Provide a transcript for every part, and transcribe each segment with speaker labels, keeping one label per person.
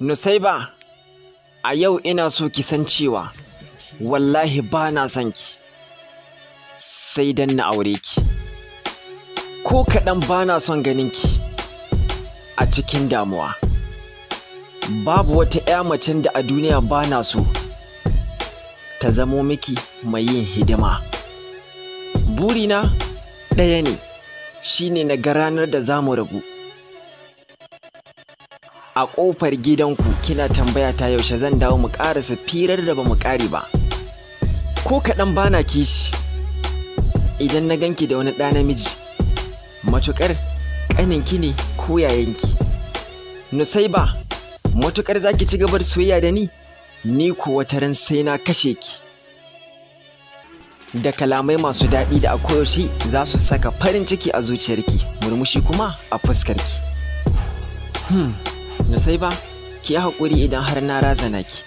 Speaker 1: Nusaiba, a yau ina so ki san cewa wallahi ba na son ki, sai dan na aure ki. Ko kaɗan ba na son ganin ki a cikin damuwa. Babu wata ‘ya macen da a duniya ba na so ta zamo miki mai yin hidima. Burina ɗaya ne, shi ne na ranar da za mu rabu. a ƙofar gidanku kina tambaya ta yaushe zan dawo mu ƙarasa firar da ba mu ƙare ba ko kaɗan bana kishi idan na ganki da wani ɗa namiji matuƙar ƙaninki ne ko yayanki nusaiba matuƙar za ki ci gaba da soyayya da ni ni wata ran sai na kashe ki da kalamai masu daɗi da a koyaushe za su saka farin ciki a zuciyarki murmushi kuma a fuskarki hmm. sai ba, ki yi haƙuri idan har na razana ki.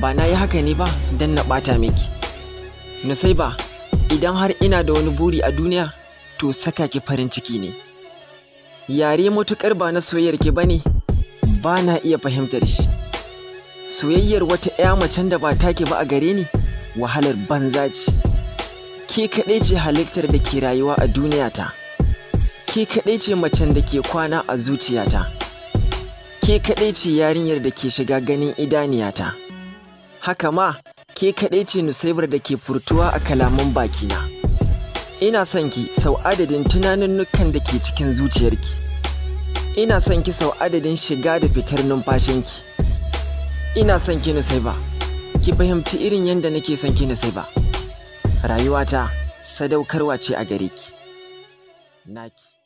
Speaker 1: Ba na yi haka ne ba don na ɓata miki. sai ba, idan har ina da wani buri a duniya, to saka ki farin ciki ne. Yare matuƙar ba na soyayyar ki ba ne, ba na iya fahimtar shi. Soyayyar wata 'ya macen da ba take ba a gare ni, wahalar banza ce. Ke kaɗai ce halittar da ke rayuwa a duniyata. Ke kaɗai ce macen da ke kwana a zuciyata. ke kaɗai ce yarinyar da ke shiga ganin idaniyata haka ma ke kaɗai ce nusaibar da ke furtuwa a kalaman bakina ina son ki sau adadin tunanin da ke cikin zuciyarki ina son ki sau adadin shiga da fitar numfashinki ina son ki nusaiba ki fahimci irin yadda nake son ki nusaiba rayuwata sadaukarwa ce a gare ki naki